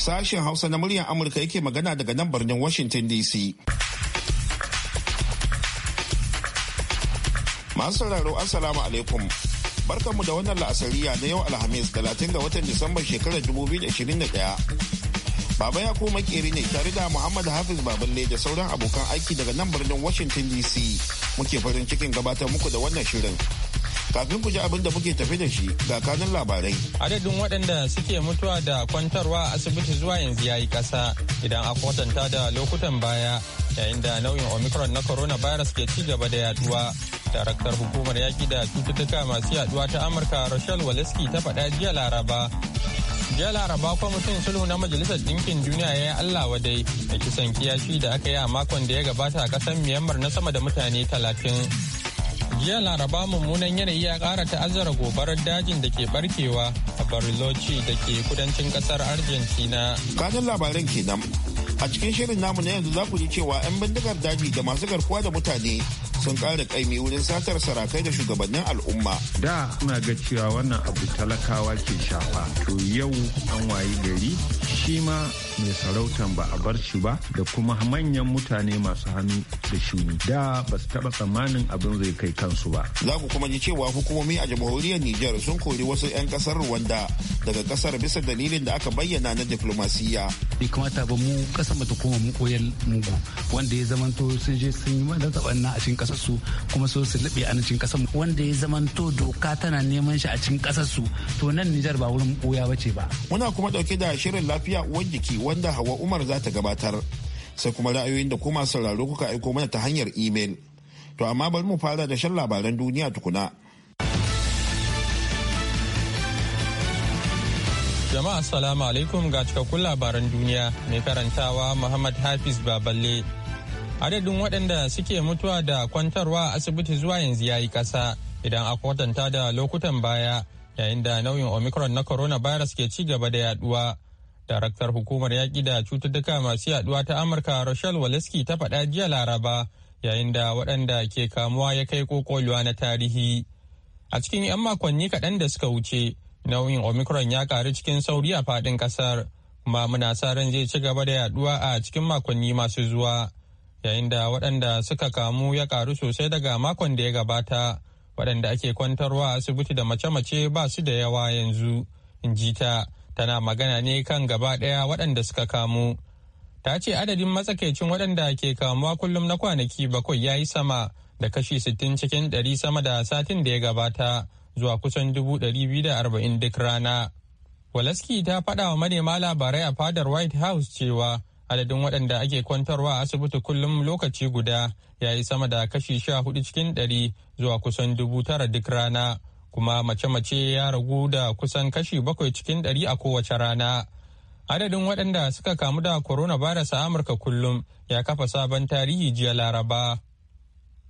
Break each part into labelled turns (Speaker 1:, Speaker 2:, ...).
Speaker 1: Sashen Hausa na muryar Amurka yake magana daga nan birnin Washington DC. Masu sauraro Assalamu alaikum. Barkanmu da wannan la'asariya na yau Alhamis 30 ga watan Disambar shekarar 2021. Baba ya kuma makeri ne tare da Muhammad Hafiz Baballe da sauran abokan aiki daga nan birnin Washington DC. Muke farin cikin gabatar muku da wannan shirin. Kafin ku ji abin da muke tafi da shi ga kanin labarai.
Speaker 2: Adadin waɗanda suke mutuwa da kwantarwa a asibiti zuwa yanzu ya yi ƙasa idan a kwatanta da lokutan baya yayin da nau'in omicron na coronavirus ke ci gaba da yaduwa. Daraktar hukumar yaƙi da cututtuka masu yaduwa ta Amurka Rochelle Waleski ta faɗa jiya Laraba jiya laraba kwamitin sulhu na majalisar ɗinkin duniya ya yi allah wadai da kisan kiyashi da aka yi a makon da ya gabata a ƙasar myanmar na sama da mutane talatin jiya laraba mummunan yanayi ya kara ta'azzara gobarar dajin da ke barkewa a bariloci da ke kudancin kasar argentina
Speaker 1: kanin labaran kenan a cikin shirin namu na yanzu za ku ji cewa 'yan bindigar daji da masu garkuwa da mutane sun ƙara kaimi wurin satar sarakai da shugabannin al'umma.
Speaker 3: Da muna ga cewa wannan abu talakawa ke shafa. To yau an wayi gari shi ma mai sarautan ba a bar shi ba da kuma manyan mutane masu hannu da shuni. Da ba su taɓa tsammanin abin zai kai kansu ba.
Speaker 1: Za ku kuma ji cewa hukumomi a jamhuriyar Nijar sun kori wasu 'yan kasar Rwanda daga kasar bisa dalilin da aka bayyana na diflomasiyya.
Speaker 4: Bai kamata ba mu ƙasar mata koma mu koyar mugu wanda ya zamanto sun je sun yi mana zaɓen na a cikin kasar su kuma so su labe a cikin kasar wanda ya zamanto doka tana neman shi a cikin kasar su to nan Nijar ba wurin boya bace ba
Speaker 1: muna kuma dauke da shirin lafiya uwar jiki wanda Hawa Umar za ta gabatar sai kuma ra'ayoyin da kuma sauraro kuka aiko mana ta hanyar email to amma bari mu fara da shan labaran duniya tukuna
Speaker 2: jama'a salamu alaikum ga cikakkun labaran duniya mai karantawa Muhammad Hafiz Baballe adadin waɗanda suke mutuwa da kwantarwa a asibiti zuwa yanzu ya yi ƙasa idan a kwatanta da lokutan baya yayin da nauyin omicron na corona coronavirus ke ci gaba da yaduwa daraktar hukumar yaƙi da cututtuka masu yaduwa ta amurka rochelle waleski ta faɗa jiya laraba yayin da waɗanda ke kamuwa ya kai kokoliwa na tarihi a cikin 'yan makonni kaɗan da suka wuce nauyin omicron ya ƙaru cikin sauri a faɗin ƙasar kuma muna sa ran zai ci gaba da yaduwa a cikin makonni masu zuwa. yayin da waɗanda suka kamu ya ƙaru sosai daga makon da ya gabata waɗanda ake kwantarwa asibiti da mace-mace ba su da yawa yanzu in ji ta tana magana ne kan gaba ɗaya waɗanda suka kamu ta ce adadin matsakaicin waɗanda ke kamuwa kullum na kwanaki bakwai ya yi sama da kashi sittin cikin ɗari sama da satin da ya gabata zuwa kusan dubu ɗari biyu da arba'in duk rana. Walaski ta faɗa wa manema labarai a fadar White House cewa adadin waɗanda ake kwantarwa a asibiti kullum lokaci guda ya yi sama da kashi sha hudu cikin ɗari zuwa kusan dubu tara duk rana kuma mace-mace ya ragu da kusan kashi bakwai cikin ɗari a kowace rana adadin waɗanda suka kamu da coronavirus a amurka kullum ya kafa sabon tarihi jiya laraba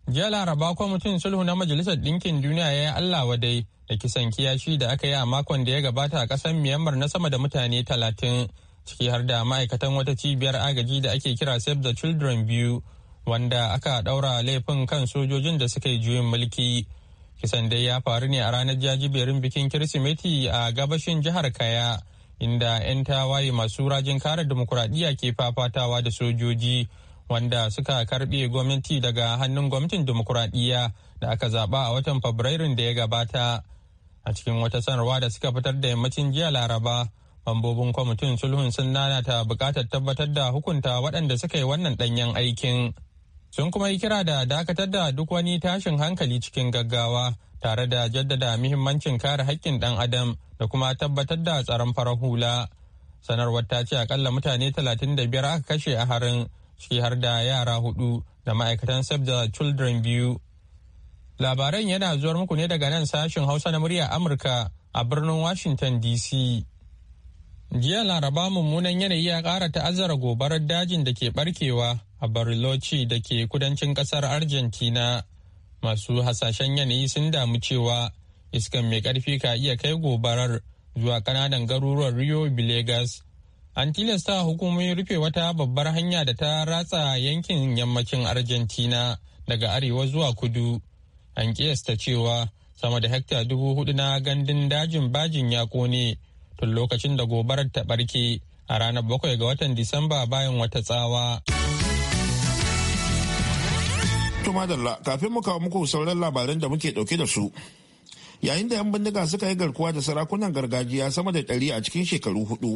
Speaker 2: jiya laraba kwamitin sulhu na majalisar ɗinkin duniya ya yi allah wadai da kisan kiyashi da aka yi a makon da ya gabata a ƙasar myanmar na sama da mutane talatin ciki har da ma'aikatan wata cibiyar agaji da ake kira save the children biyu wanda aka daura laifin kan sojojin da suka yi juyin mulki kisan dai ya faru ne a ranar jajiberin bikin kirsimeti a gabashin jihar kaya inda 'yan tawaye masu rajin kare demokuraɗiyya ke fafatawa da sojoji wanda suka karɓe gwamnati daga hannun gwamnatin demokuraɗiyya da aka zaɓa a watan fabrairun da ya gabata a cikin wata sanarwa da suka fitar da yammacin jiya laraba Mambobin kwamitin sulhun sun nanata bukatar tabbatar da hukunta waɗanda suka yi wannan ɗanyen aikin. Sun kuma yi kira da dakatar da duk wani tashin hankali cikin gaggawa tare da jaddada muhimmancin kare haƙƙin ɗan adam da kuma tabbatar da tsaron farar hula. Sanarwar ta ce akalla mutane biyar aka kashe a harin ciki har da yara hudu da ma'aikatan Save the Children biyu. Labaran yana zuwar muku ne daga nan sashen Hausa na murya Amurka a birnin Washington DC. jiya laraba mummunan yanayi ya ƙara ta'azzara gobarar dajin da ke barkewa a bariloci da ke kudancin kasar argentina masu hasashen yanayi sun damu cewa iskan mai karfi ka iya kai gobarar zuwa kananan garuruwan rio bilegas an tilasta hukumomin rufe wata babbar hanya da ta ratsa yankin yammacin argentina daga arewa zuwa kudu an kiyasta cewa sama da hekta dubu hudu na gandun dajin bajin ya kone tun lokacin da gobarar ta barke a ranar bakwai ga watan Disamba bayan wata tsawa.
Speaker 1: madalla kafin mu kawo muku sauran labaran da muke dauke da su. Yayin da 'yan bindiga suka yi garkuwa da sarakunan gargajiya sama da ɗari a cikin shekaru hudu.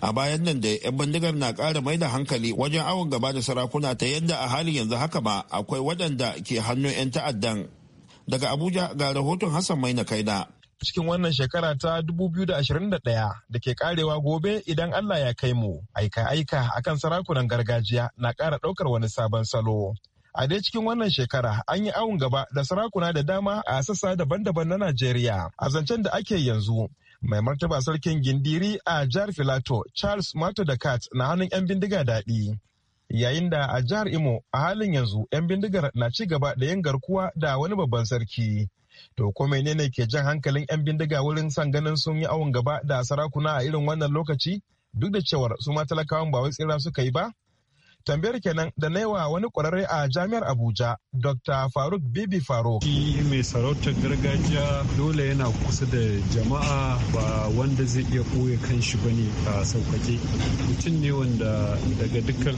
Speaker 1: a bayan nan da 'yan bindigar na ƙara mai da hankali wajen awon gaba da sarakuna ta yadda a halin yanzu haka ba akwai waɗanda ke hannun 'yan ta'addan daga abuja ga rahoton hassan mai na kaina
Speaker 5: cikin wannan shekara ta 2021 da ke karewa gobe idan Allah ya kai mu. Aika-aika akan sarakunan gargajiya na ƙara ɗaukar wani sabon salo. A dai cikin wannan shekara an yi awon gaba da sarakuna da dama a sassa daban-daban na Najeriya a zancen da ake yanzu. Mai martaba sarkin gindiri a jihar Filato Charles Mato da Kat na hannun 'yan bindiga daɗi. Yayin da a jihar Imo a halin yanzu 'yan bindigar na ci gaba da yin garkuwa da wani babban sarki. To ko menene ke jan hankalin 'yan bindiga wurin san ganin sun yi awon gaba da sarakuna a irin wannan lokaci? Duk da cewar su ma talakawan ba wai tsira suka yi ba, tambayar kenan da naiwa wani kwararre a jami'ar abuja dr faruk bibi faro
Speaker 3: shi mai sarautar gargajiya dole yana kusa da jama'a ba wanda zai iya ɓoye kanshi ba ne a sauƙaƙe mutum ne wanda daga dukkan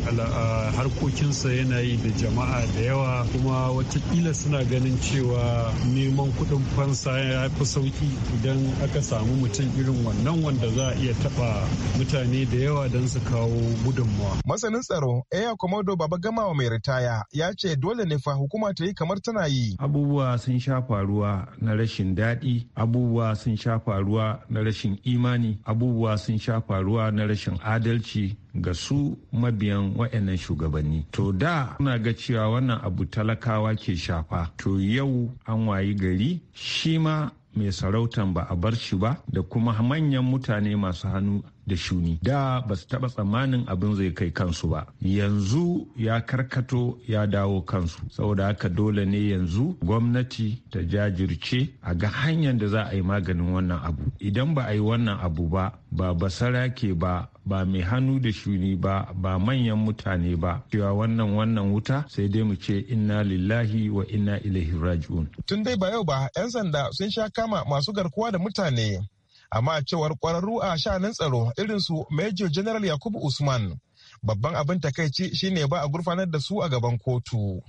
Speaker 3: harkokinsa yana yi da jama'a da yawa kuma watakila suna ganin cewa neman kuɗin fansa ya fi sauƙi idan aka samu mutum irin wannan wanda za a iya taɓa mutane da yawa don su kawo gudunmawa masanin tsaro
Speaker 5: Eya Komodo Baba Gamawa mai ritaya ya ce dole ne fa hukuma ta yi kamar tana
Speaker 3: yi. Abubuwa sun sha faruwa na rashin daɗi, abubuwa sun sha faruwa na rashin imani, abubuwa sun sha faruwa na rashin adalci ga su mabiyan wa'annan shugabanni. To da muna ga cewa wannan abu talakawa ke shafa. To yau an wayi gari shi ma mai sarautan ba a bar shi ba da kuma manyan mutane masu hannu da shuni da ba su taɓa tsammanin abin zai kai kansu ba yanzu ya karkato ya dawo kansu saboda haka dole ne yanzu gwamnati ta jajirce a ga hanyar da za a yi maganin wannan abu idan ba a yi wannan abu ba ba basara ke ba ba mai hannu da shuni ba ba manyan mutane ba cewa wannan wannan wuta sai dai mu ce inna lillahi wa inna ilaihi raji'un
Speaker 5: tun dai ba yau ba 'yan sanda sun sha kama masu garkuwa da mutane amma cewar kwararru a shanun tsaro irinsu major general yakubu usman babban abin takaici shine ba a gurfanar da su a gaban kotu.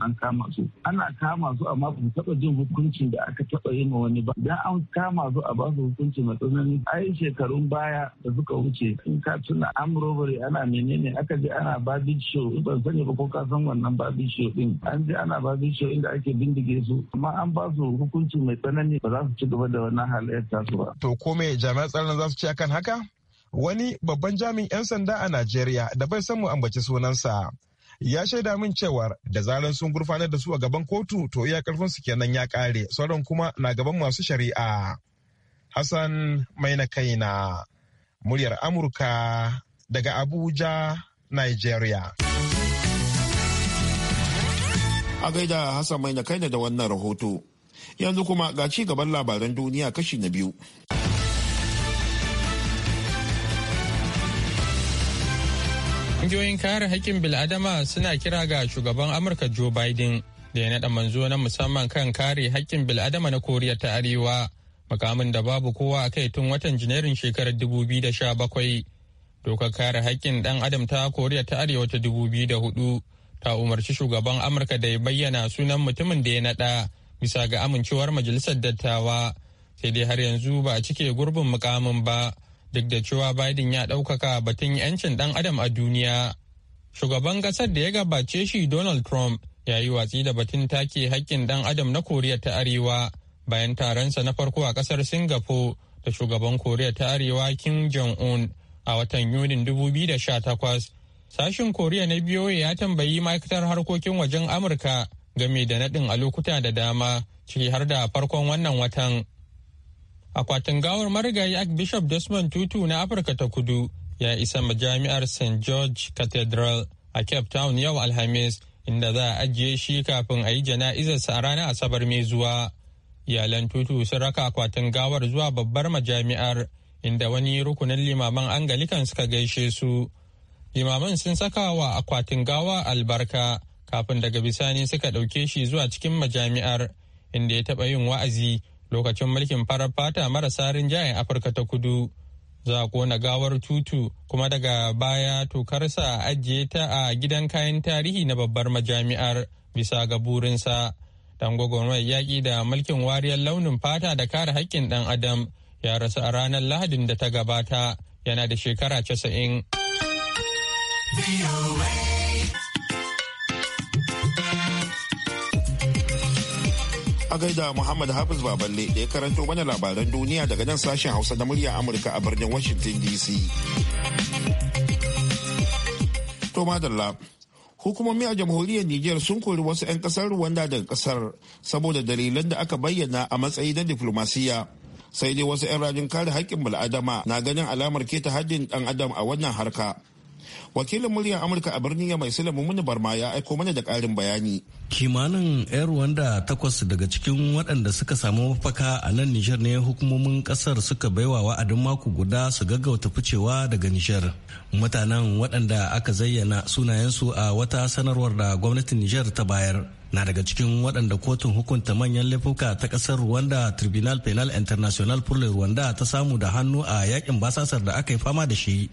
Speaker 5: an kama su ana kama su
Speaker 6: amma ba taɓa jin hukuncin da aka taɓa yi ma wani ba idan an kama su a ba su hukunci mai tsanani ai shekarun baya da suka wuce in ka tuna am robbery ana menene aka je ana babin show ban sani ba ko ka san wannan babin show din an je ana babin show inda ake bindige
Speaker 1: su amma an ba su hukunci mai tsanani ba za su ci gaba da wannan halayyar tasu ba.
Speaker 5: to ko me jami'an tsaron za su ci akan haka? wani babban jami'in 'yan sanda a najeriya da bai san mu ambaci sunansa ya shaida min cewar da zaran sun gurfanar da su a gaban kotu to iya karfin su kenan ya kare sauran kuma na gaban masu shari'a hassan mai na kaina muryar amurka daga abuja nigeria
Speaker 1: a gaida hassan mai na kaina da wannan rahoto yanzu kuma ga ci gaban labaran duniya kashi na biyu
Speaker 2: Ƙungiyoyin kare haƙƙin bil'adama suna kira ga shugaban Amurka Joe Biden da ya naɗa manzo na musamman kan kare haƙƙin bil'adama na Koriya ta Arewa, makamin da babu kowa a kai tun watan Janairun shekarar 2017. Dokar kare haƙƙin ɗan adam ta Koriya ta Arewa ta 2004 ta umarci shugaban Amurka da ya bayyana sunan mutumin da ya naɗa bisa ga amincewar majalisar dattawa. Sai dai har yanzu ba a cike gurbin mukamin ba. duk da cewa Biden ya ɗaukaka batun 'yancin ɗan adam a duniya. Shugaban ƙasar da ya gabace shi Donald Trump ya yi watsi da batun take haƙƙin ɗan adam na Koriya ta Arewa bayan taronsa na farko a ƙasar Singapore da shugaban Koriya ta Arewa Kim Jong-un a watan Yunin 2018. Sashen Koriya na biyo ya tambayi ma'aikatar harkokin wajen Amurka game da naɗin a lokuta da dama ciki har da farkon wannan watan. akwatin gawar marigayi archbishop desmond tutu na afirka ta kudu ya isa majami'ar st george cathedral a cape town yau alhamis inda za a ajiye shi kafin a yi jana'izarsa a ranar asabar mai zuwa iyalan tutu sun raka akwatin gawar zuwa babbar majami'ar inda wani rukunin limaman angalikan suka gaishe su limaman sun saka wa akwatin gawa albarka kafin daga bisani suka ɗauke shi zuwa cikin majami'ar inda ya taɓa yin wa'azi lokacin mulkin farar fata marasa rinjayen afirka ta kudu za a kona gawar tutu kuma daga baya tokarsa a ajiye ta a gidan kayan tarihi na babbar majami'ar bisa ga burinsa dan gwagwarmar yaƙi da mulkin wariyar launin fata da kare haƙƙin ɗan adam ya rasu a ranar lahadin da ta gabata yana da shekara casa'in.
Speaker 1: a gaida Muhammad Hafiz Baballe da ya karanto mana labaran duniya daga nan sashen Hausa na murya Amurka a birnin Washington DC. To madalla, hukumomi a jamhuriyar Nijar sun kori wasu 'yan kasar Rwanda daga kasar saboda dalilan da aka bayyana a matsayi na diflomasiyya. Sai dai wasu 'yan rajin kare haƙƙin bil'adama na ganin alamar keta haddin ɗan adam a wannan harka. wakilin muryar amurka a birnin ya mai silamu muni barma ya aiko mana da karin bayani
Speaker 4: kimanin yar wanda takwas daga cikin waɗanda suka samu mafaka a nan nijar ne hukumomin ƙasar suka baiwa wa'adin mako guda su gaggauta ficewa daga nijar mutanen waɗanda aka zayyana sunayensu a wata sanarwar da gwamnatin nijar ta bayar na daga cikin waɗanda kotun hukunta manyan laifuka ta ƙasar Rwanda Tribunal Penal International pour le Rwanda ta samu da hannu a yakin basasar da aka yi fama da shi.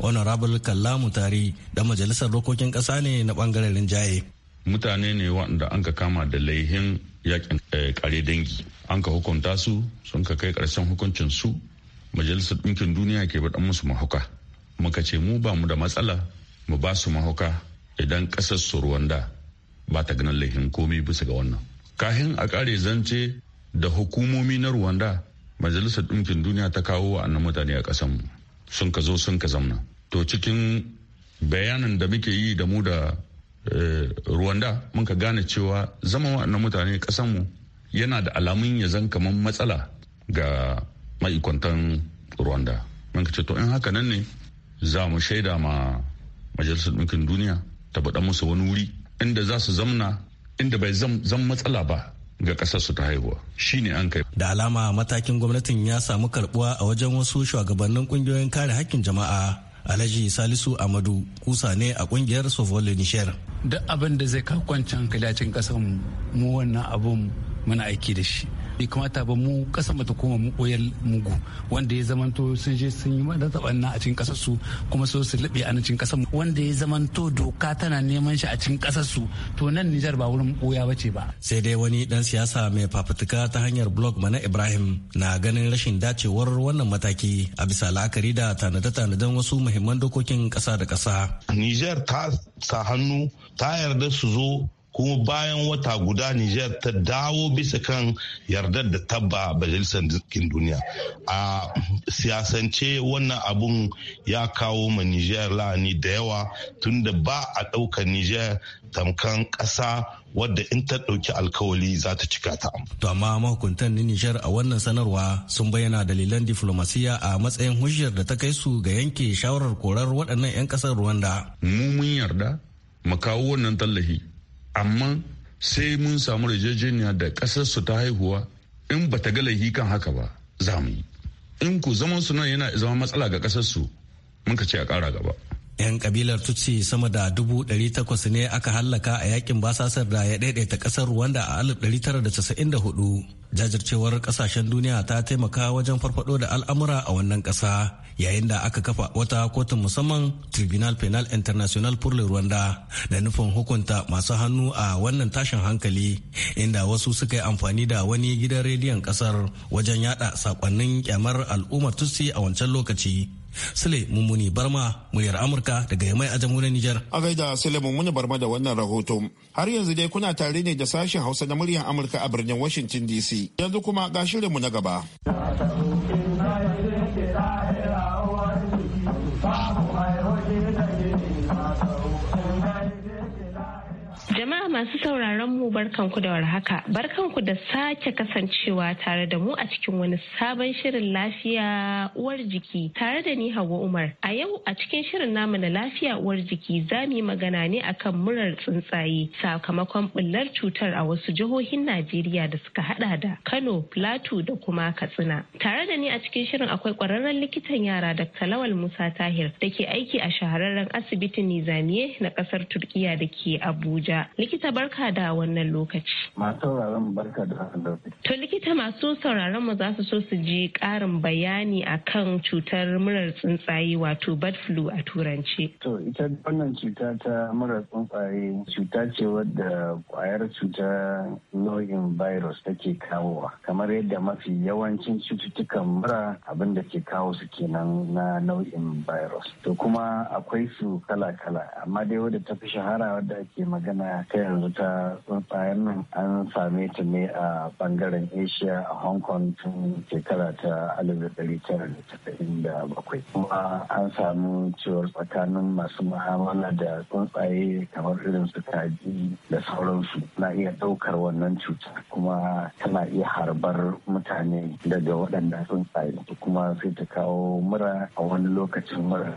Speaker 4: Honorable Kallamu Tari da Majalisar Dokokin Ƙasa ne na ɓangaren jaye
Speaker 7: Mutane ne waɗanda an ka kama da laihin yakin kare eh, dangi. An ka hukunta su sun ka kai ƙarshen hukuncin su. Majalisar Ɗinkin Duniya ke baɗan musu mahuka Muka ce mu ba mu da matsala mu ba su mahuka idan ƙasar su Rwanda ba ta ganin laifin komai bisa ga wannan kahin a kare zance da hukumomi na rwanda majalisar ɗinkin duniya ta kawo wa'annan mutane a ƙasanmu sun ka zo sun ka zamna to cikin bayanin da muke yi da mu da eh, rwanda mun ka gane cewa zama wa'annan mutane mu yana da alamun ya zan kamar matsala ga ma'aikatan rwanda mun ka ce to in haka nan ne za mu shaida ma majalisar ɗinkin duniya ta baɗa musu wani wuri inda za su zamna inda bai zan matsala ba ga ƙasarsu su ta haihuwa shine an kai
Speaker 4: da alama matakin gwamnatin ya samu karbuwa a wajen wasu shugabannin kungiyoyin kare hakkin jama'a alhaji salisu amadu kusa ne a kungiyar sovole nishiyar duk abin da zai kawo kwanciyar hankali ƙasar mu wannan abun muna aiki da shi bai kamata ba mu kasan mata koma mu koyar mugu wanda ya zamanto sun je sun yi mada na a cikin kasar su kuma so su labe a cikin kasar mu wanda ya zamanto doka tana neman shi a cikin kasar su to nan Nijar ba wurin koya bace ba sai dai wani dan siyasa mai fafutuka ta hanyar blog mana Ibrahim na ganin rashin dacewar wannan mataki a bisa la'akari da tanade tanadan wasu muhimman dokokin kasa da kasa
Speaker 5: Nijar ta sa hannu ta yarda su zo kuma bayan wata guda Nijar ta dawo bisa kan yardar da tabba majalisar dukkin duniya a siyasance wannan abun ya kawo ma Nijar la'ani da yawa tunda ba a ɗaukar Nijar tamkan ƙasa wadda in ta ɗauki alkawali za ta
Speaker 4: cika ta. To amma mahukuntan Nijar a wannan sanarwa sun bayyana dalilan diflomasiya a matsayin hujjar da ta kai su ga yanke shawarar korar waɗannan 'yan kasar Rwanda.
Speaker 7: Mu mun yarda mu kawo wannan tallafi amma sai mun samu rajajeniya da ƙasar su ta haihuwa in ba ta galahi kan haka ba za mu yi in ku zaman su nan yana zama matsala ga ƙasar su mun ka ce a kara gaba
Speaker 4: 'yan kabilar tutsi sama da dubu ɗari takwas ne aka hallaka a yakin basasar da ya daidaita kasar ruwanda a alif ɗari tara da casa'in da hudu jajircewar kasashen duniya ta taimaka wajen farfado da al'amura a wannan kasa yayin da aka kafa wata kotun musamman tribunal penal international pour le rwanda da nufin hukunta masu hannu a wannan tashin hankali inda wasu suka yi amfani da wani gidan rediyon kasar wajen yada sakonnin kyamar al'ummar tutsi a wancan lokaci sule mummuni barma muryar amurka daga yamai a jamhuriyar nijar a
Speaker 1: gaida sule mummuni barma da wannan rahoton har yanzu dai kuna tare ne da sashen hausa na muryar amurka a birnin washington dc Yanzu kuma ga shirinmu na gaba.
Speaker 8: masu sauraron mu barkanku da warhaka. Barkanku da sake kasancewa tare da mu a cikin wani sabon shirin lafiya uwar jiki tare da ni Hauwa Umar. A yau a cikin shirin namu na lafiya uwar jiki za mu yi magana ne akan murar tsuntsaye sakamakon bullar cutar a wasu jihohin Najeriya da suka hada da Kano, Plateau da kuma Katsina. Tare da ni a cikin shirin akwai kwararren likitan yara da Lawal Musa Tahir da ke aiki a shahararren asibitin Nizamiye na kasar Turkiya da ke Abuja. Likita likita barka da wannan lokaci. Masu sauraron barka
Speaker 6: da wannan lokaci.
Speaker 8: To likita masu sauraron mu za su so su ji ƙarin bayani a kan cutar murar tsuntsaye wato bird flu a turanci
Speaker 6: To ita wannan cuta ta murar tsuntsaye cuta ce wadda kwayar cuta nau'in virus take kawowa kamar yadda mafi yawancin cututtukan mura abin da ke kawo su kenan na nau'in virus. To kuma akwai su kala-kala amma dai wadda ta fi shahara wadda ake magana kai yanzu ta tsuntsayen nan an same ta ne a bangaren asia a hong kong tun shekara ta bakwai, kuma an samu ciwon tsakanin masu mu'amala da tsuntsaye kamar irin su kaji da sauransu na iya ɗaukar wannan cuta kuma tana iya harbar mutane daga waɗanda tsuntsaye kuma sai ta kawo mura a wani lokacin mura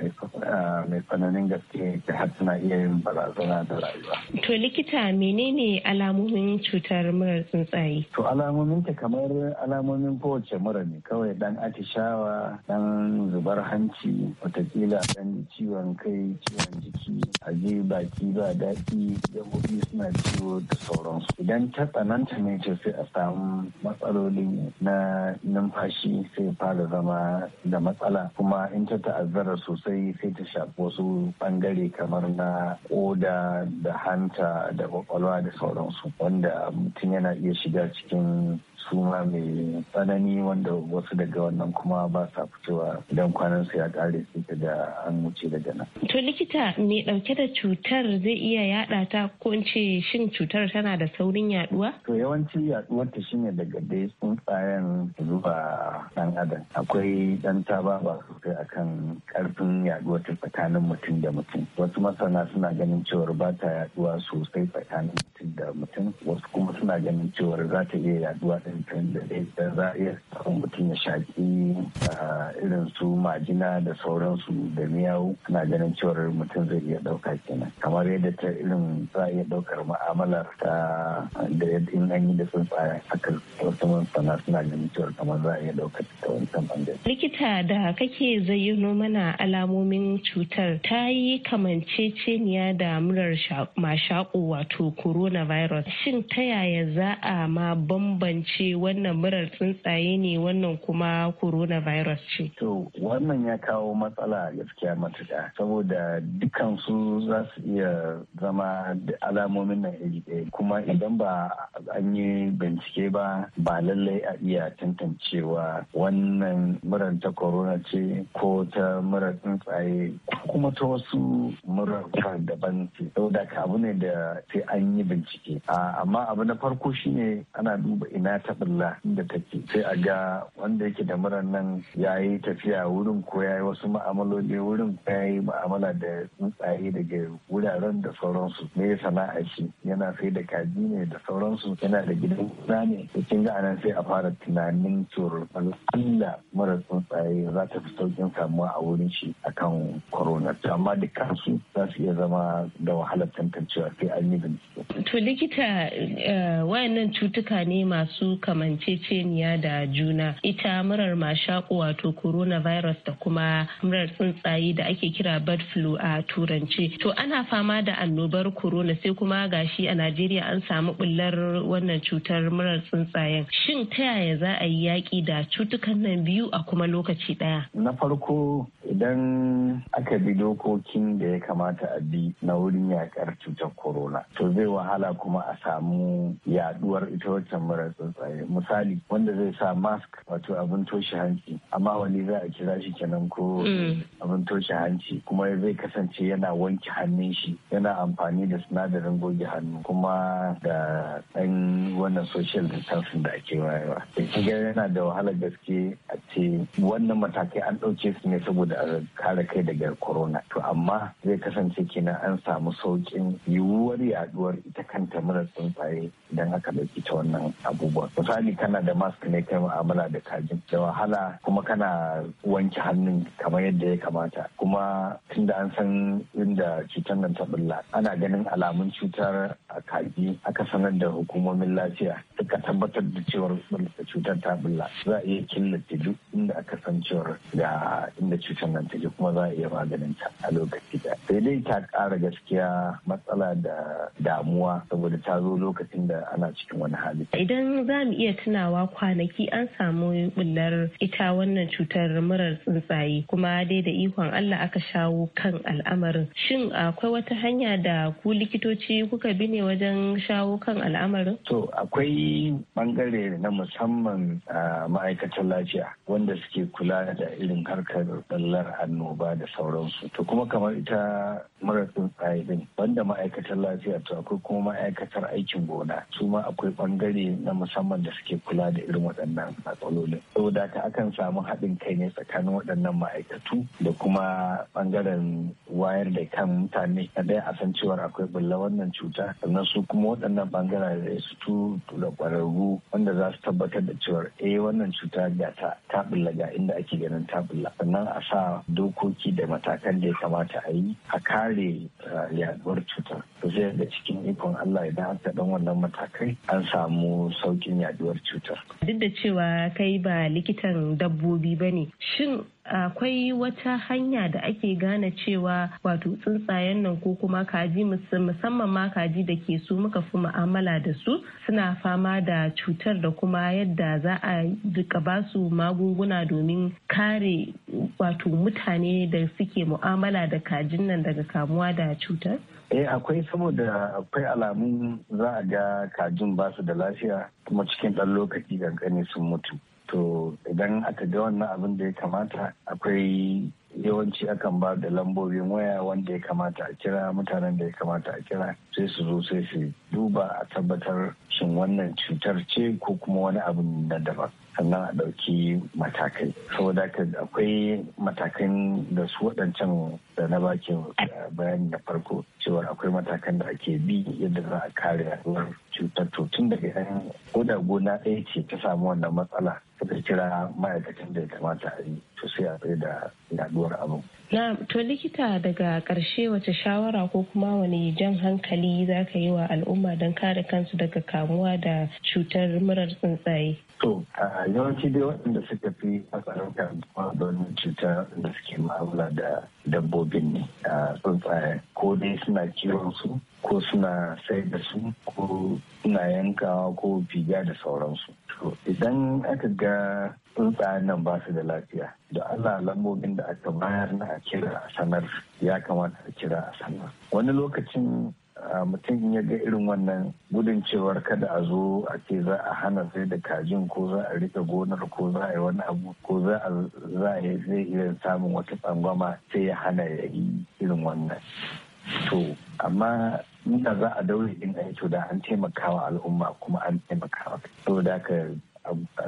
Speaker 6: mai tsananin gaske da har tana iya yin
Speaker 8: barazana da rayuwa. To likita menene alamomin cutar mura tsuntsaye?
Speaker 6: To alamomin ta kamar alamomin kowace mura ne kawai dan atishawa, dan zubar hanci, watakila dan ciwon kai, ciwon jiki, aje baki ba daɗi, gabobi suna ciwo da sauransu. Idan ta tsananta ne ce sai a samu matsaloli na numfashi sai fara zama da matsala kuma in ta ta'azzara sosai sai ta shafi wasu bangare kamar na koda da hanta da kwakwalwa da sauransu wanda mutum yana iya shiga cikin suma mai tsanani wanda wasu daga wannan kuma ba sa fitowa idan kwanan su ya kare su da ga an wuce daga nan.
Speaker 8: To likita mai dauke da cutar zai iya yada ta ko in ce shin cutar tana da saurin yaduwa?
Speaker 6: To yawanci yaduwar ta shine daga dai tsuntsayen zuwa dan adam. Akwai dan ba sosai akan karfin yaduwar ta tsakanin mutum da mutum. Wasu masana suna ganin cewar ba ta yaduwa sosai tsakanin mutum da mutum. Wasu kuma suna ganin cewar za ta iya yaduwa din ashirin da ɗaya da za a iya samun mutum ya shaƙi ah, irin su majina da sauransu da miyawu ana ganin cewar mutum zai iya ɗauka kenan kamar yadda ta irin za a iya ɗaukar ma'amalar ta da in an yi da tsuntsaye haka wasu sana suna ganin cewar kamar za a iya ɗaukar ta wancan ɓangare.
Speaker 8: likita da kake zayyano mana alamomin cutar ta yi kamanceceniya da murar mashaƙo wato coronavirus shin ta yaya za a ma bambance wannan murar tsuntsaye ne wannan kuma coronavirus ce. To
Speaker 6: wannan ya kawo matsala gaskiya matuƙa saboda dukan su za su iya zama da alamomin nan iri ɗaya kuma idan ba an yi bincike ba ba lallai a iya tantancewa wannan murar ta corona ce ko ta murar tsuntsaye kuma ta wasu murar daban ce saboda ka abu ne da sai an yi bincike amma abu na farko shine ana duba ina ta ɓulla da take sai a ga wanda yake da murar nan ya yi tafiya wurin ko ya yi wasu ma'amaloli wurin ko ya yi ma'amala da tsuntsaye daga wuraren da sauransu me sana'a shi yana sai da kaji ne da sauransu yana da gidan gida ne da kin ga anan sai a fara tunanin tsoron Allah mara tsuntsaye za ta fi saukin samuwa a wurin shi akan corona amma dukkan su za su iya zama da wahalar tantancewa sai an yi bincike.
Speaker 8: To likita eh, wayannan cutuka ne masu kamanceceniya da juna ita murar mashaku wato coronavirus da kuma murar tsuntsaye da ake kira bird flu a turance to ana fama da annobar corona sai kuma gashi a najeriya an samu bullar wannan cutar murar tsuntsayen shin ta yaya za a yi yaƙi da cutukan nan biyu a kuma lokaci ɗaya na
Speaker 6: farko idan aka bi dokokin da ya kamata a bi na wurin yaƙar cutar corona to zai wahala kuma a samu yaɗuwar ita wacce murar tsuntsa Eh, misali wanda zai sa mask wato abin toshe hanci amma wani za a kira shi kenan ko mm. abin toshe hanci kuma zai kasance yana wanke hannun shi yana amfani da sinadarin goge hannu kuma da ɗan wannan social distancing da ake wayewa da kiga yana da wahala gaske a ce wannan matakai an ɗauke su ne saboda a kare kai daga corona to amma zai kasance kenan an samu sauƙin yiwuwar yaduwar ita kanta mura tsuntsaye idan aka ɗauki ta wannan abubuwan misali kana da mask ne kai mu'amala da kajin da wahala kuma kana wanke hannun kamar yadda ya kamata kuma tunda an san inda cutar nan ta bulla ana ganin alamun cutar a kaji aka sanar da hukumomin lafiya suka tabbatar da cewar cutar ta bulla za a iya killace duk inda aka san cewar ga inda cutar nan take kuma za a iya maganin ta a lokaci da sai dai ta ƙara gaskiya matsala da damuwa saboda ta zo lokacin da ana cikin wani hali
Speaker 8: idan za zamu iya tunawa kwanaki an samu bullar ita wannan cutar murar tsuntsaye kuma dai da ikon Allah aka shawo kan al'amarin. Shin akwai wata hanya da ku likitoci kuka bi ne wajen shawo kan al'amarin?
Speaker 6: To akwai bangare na musamman ma'aikatan lafiya wanda suke kula da irin harkar ballar annoba da sauransu. To kuma kamar ita murar tsuntsaye din wanda ma'aikatan lafiya to akwai kuma ma'aikatar aikin gona su ma akwai bangare na musamman da suke kula da irin waɗannan matsalolin saboda ta akan samu haɗin kai ne tsakanin waɗannan ma'aikatu da kuma ɓangaren wayar da kan mutane a ɗaya a san cewar akwai bulla wannan cuta sannan su kuma waɗannan ɓangaren su da ƙwararru wanda za su tabbatar da cewar eh wannan cuta ga ta ta bulla ga inda ake ganin ta bulla sannan a sa dokoki da matakan da ya kamata a yi a kare eh, yaduwar cutar ko sai da cikin ikon Allah idan aka ɗan wannan matakai an samu sauƙin yaduwar cutar.
Speaker 8: Duk da cewa kai ba likitan dabbobi ba ne, shin akwai wata hanya da ake gane cewa wato tsuntsayen nan ko kuma kaji musamman ma kaji da ke su muka fi mu'amala da su suna fama da cutar da kuma yadda za a duka ba su magunguna domin kare wato mutane da suke mu'amala da kajin nan daga kamuwa da cutar?
Speaker 6: eh akwai saboda akwai alamun za a ga kajin ba su da lafiya kuma cikin ɗan lokaci gangane sun mutu to idan aka ga wannan abin da ya kamata akwai yawanci akan ba da lambobin waya wanda ya kamata a kira mutanen da ya kamata a kira sai su zo sai su duba a tabbatar shin wannan cutar ce ko kuma wani abu na daban sannan a ɗauki matakai saboda ka akwai matakan da su waɗancan da na baki bayani na farko cewa akwai matakan da ake bi yadda za a kare yaduwar cutar to tun daga yan koda gona ɗaya ce ta samu wannan matsala suka kira ma'aikacin da ya kamata a yi to sai a da yaduwar abu.
Speaker 8: Na to likita daga ƙarshe wace shawara ko kuma wani jan hankali za ka yi wa al'umma don kare kansu daga kamuwa da cutar murar tsuntsaye?
Speaker 6: To yawanci dai waɗanda suka fi hatsarin kamuwa don cuta da suke ma'amala da dabbobin ne a tsuntsaye ko dai suna kiwon su ko suna sai da su ko suna yankawa ko biga da sauransu idan aka ga tsuntsayen nan ba su da lafiya da allah lambobin da aka bayar na a kira a sanar ya kamata a kira a sanar wani lokacin mutum ya ga irin wannan gudun cewar kada a zo a ce za a hana sai da kajin ko za a rika gonar ko za a yi wani abu ko za a zai iya samun wata tsangwama sai ya hana ya yi irin wannan to amma inda za a daure in a to da an taimakawa al'umma kuma an taimakawa da ka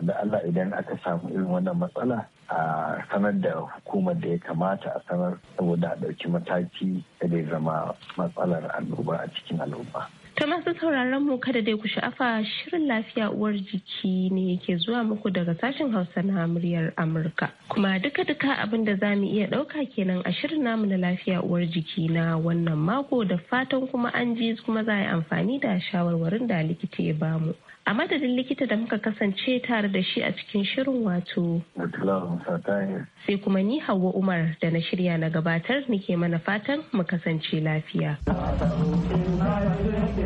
Speaker 6: da Allah idan aka samu irin wannan matsala a sanar da hukumar da ya kamata a sanar saboda a ɗauki mataki da zama matsalar annoba a cikin al'umma.
Speaker 8: Ta masu sauraron mu kada dai ku sha'afa shirin lafiya uwar jiki ne yake zuwa muku daga sashen Hausa na muryar Amurka. Kuma duka-duka abin da za mu iya ɗauka kenan a shirin namu na lafiya uwar jiki na wannan mako da fatan kuma an ji kuma za a yi amfani da shawarwarin da likita ya bamu. a madadin likita da muka kasance tare da shi a cikin shirin wato sai kuma ni Hauwa umar da na shirya na gabatar nike mana fatan mu kasance lafiya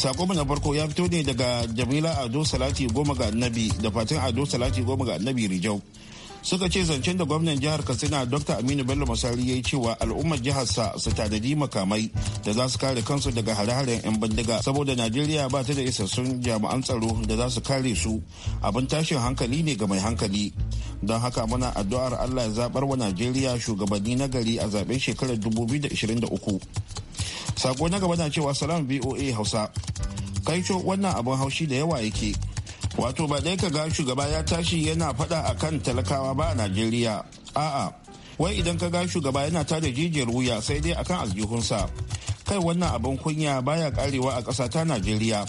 Speaker 1: sako na farko ya fito ne daga Jamila Ado Salati Goma ga Annabi da Fatin Ado Salati Goma ga Annabi Rijau. Suka ce zancen da gwamnan jihar Katsina Dr. Aminu Bello Masari ya yi cewa al'ummar jiharsa su tadadi makamai da za su kare kansu daga hare-haren 'yan bindiga saboda Najeriya ba ta da isassun jami'an tsaro da za su kare su abin tashin hankali ne ga mai hankali. Don haka muna addu'ar Allah ya zabar wa Najeriya shugabanni na gari a zaben shekarar 2023. sako na gaba na cewa salam voa hausa kai co wannan abin haushi da yawa yake wato ba dai ka ga shugaba ya tashi yana fada akan talakawa ba a najeriya a'a wai idan ka ga shugaba yana da jijiyar wuya sai dai akan aljihunsa kai wannan abin kunya baya karewa a ƙasa ta najeriya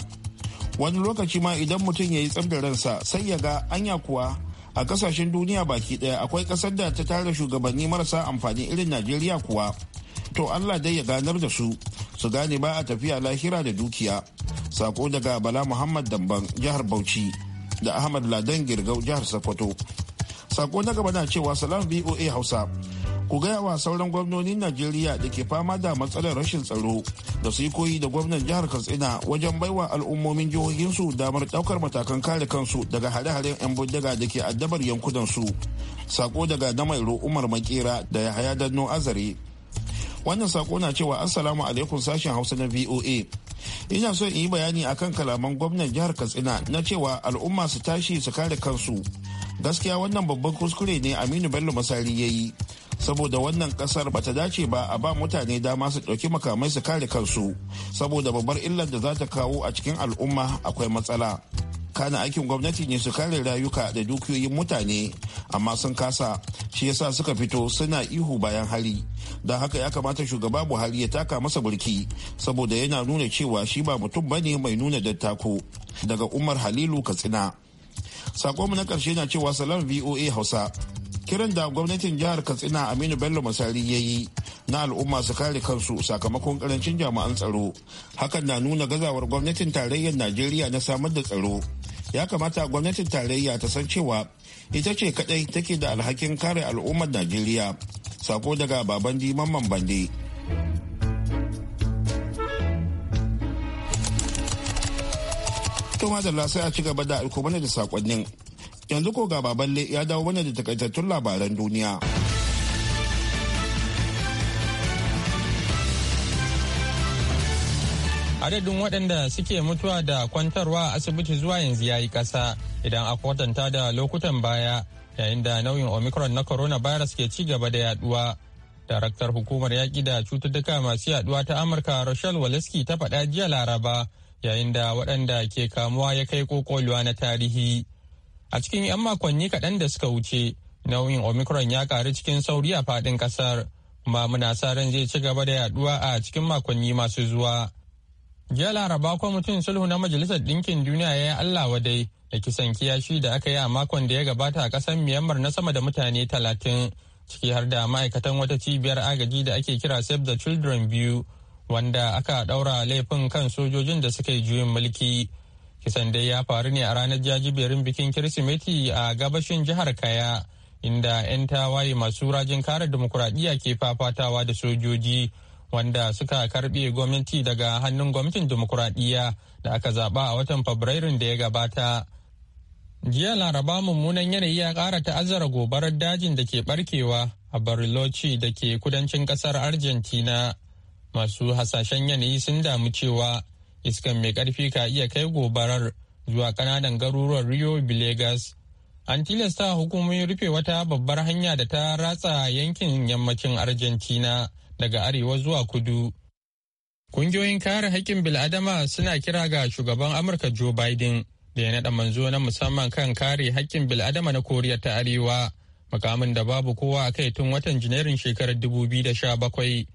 Speaker 1: wani lokaci ma idan mutum ya yi tsab sa ransa sai ya ga anya kuwa a kasashen duniya baki daya akwai ƙasar da ta tara shugabanni marasa amfani irin najeriya kuwa to Allah dai ya ganar da su su gane ba a tafiya lahira da dukiya sako daga bala muhammad damban jihar bauchi da ahmad ladan girgau jihar sokoto sako na gaba na cewa salam boa hausa ku gaya wa sauran gwamnonin najeriya da ke fama da matsalar rashin tsaro da su koyi da gwamnan jihar katsina wajen baiwa al'ummomin jihohinsu damar daukar matakan kare kansu daga hare-haren 'yan bindiga da ke addabar yankunansu sako daga na umar makera da yahaya danno azare wannan sako na cewa assalamu alaikum sashen hausa na voa ina so in yi bayani akan kalaman gwamnan jihar katsina na cewa al'umma su tashi su kare kansu gaskiya wannan babban kuskure ne aminu bello masari ya yi saboda wannan kasar bata dace ba a ba mutane dama su ɗauki makamai su kare kansu saboda babbar illar da za ta kawo a cikin al'umma akwai matsala kana aikin gwamnati ne su kare rayuka da dukiyoyin mutane amma sun kasa shi yasa suka fito suna ihu bayan hari don haka ya kamata shugaba buhari ya taka masa burki saboda yana nuna cewa shi ba mutum bane mai nuna dattako daga umar halilu katsina sakonmu na karshe na cewa salam voa hausa kiran da gwamnatin jihar katsina aminu bello masari ya yi na al'umma su kare kansu sakamakon karancin jami'an tsaro hakan na nuna gazawar gwamnatin tarayyar najeriya na samar da tsaro ya kamata gwamnatin tarayya ta san cewa ita ce kadai take da alhakin kare al'ummar najeriya sako daga baban mamman bande kuma da sai a ci gaba da alko mana da sakonnin yanzu ko ga baballe ya dawo mana da takaitattun labaran duniya
Speaker 2: adadin waɗanda suke mutuwa da kwantarwa a asibiti zuwa yanzu ya yi ƙasa idan a kwatanta da lokutan baya yayin da nauyin omicron na corona coronavirus ke ci gaba da yaduwa daraktar hukumar yaƙi da cututtuka masu yaduwa ta amurka rochelle waleski ta faɗa jiya laraba yayin da waɗanda ke kamuwa ya kai kokoluwa na tarihi a cikin 'yan makonni kaɗan da suka wuce nauyin omicron ya ƙaru cikin sauri a faɗin ƙasar kuma muna sa ran zai ci gaba da yaduwa a cikin makonni masu zuwa jiya laraba mutum sulhu na majalisar ɗinkin duniya ya yi allah wadai da kisan kiyashi da aka yi a makon da ya gabata a ƙasar myanmar na sama da mutane talatin ciki har da ma'aikatan wata cibiyar agaji da ake kira save the children biyu wanda aka ɗaura laifin kan sojojin da suka yi juyin mulki kisan dai ya faru ne a ranar jajiberin bikin kirsimeti a gabashin jihar kaya inda 'yan tawaye masu rajin kare dimokuraɗiyya ke fafatawa da sojoji wanda suka karbe gwamnati daga hannun gwamnatin demokuraɗiyya da aka zaɓa a watan fabrairun da ya gabata jiya laraba mummunan yanayi ya ƙara ta'azzara gobarar dajin da ke barkewa a bariloci da ke kudancin ƙasar argentina masu hasashen yanayi sun damu cewa iskan mai ƙarfi ka iya kai gobarar zuwa ƙananan garuruwan rio Villegas. an tilasta hukumomin rufe wata babbar hanya da ta ratsa yankin yammacin argentina daga arewa zuwa kudu. Kungiyoyin kare haƙƙin bil'adama suna kira ga shugaban Amurka Joe Biden da ya naɗa manzo na musamman kan kare haƙƙin bil'adama na Koriya ta Arewa, makamin da babu kowa a kai tun watan Janairun shekarar 2017.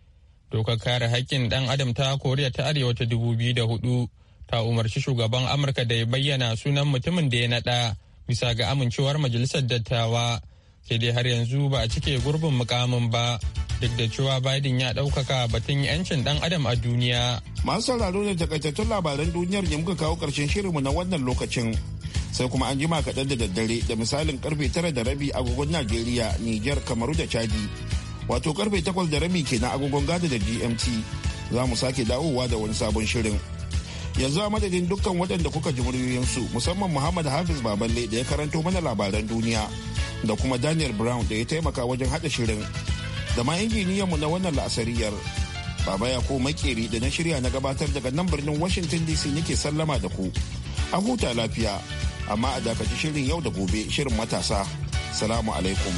Speaker 2: Dokar kare haƙƙin ɗan adam ta Koriya ta Arewa ta 2004 ta umarci shugaban Amurka da ya bayyana sunan mutumin da ya naɗa bisa ga amincewar majalisar dattawa. sai dai har yanzu ba a cike gurbin mukamin ba duk da cewa Biden ya ɗaukaka batun 'yancin dan adam a duniya.
Speaker 1: Masu sauraro da takaitattun labaran duniyar ne muka kawo ƙarshen shirinmu na wannan lokacin. Sai kuma an jima kaɗan da daddare da misalin karfe tara da rabi agogon Najeriya, niger Kamaru da Chadi. Wato karfe takwas da rabi kenan agogon Gada da GMT. Za mu sake dawowa da wani sabon shirin. yanzu a madadin dukkan waɗanda kuka ji muryoyinsu musamman muhammad hafiz baballe da ya karanto mana labaran duniya da kuma daniel brown da ya taimaka wajen haɗa shirin da ma injiniyanmu na wannan la'asariyar baba ya ko makeri da na shirya na gabatar daga nan birnin washington dc nake sallama da ku a huta lafiya amma a dakaci shirin yau da gobe shirin matasa salamu alaikum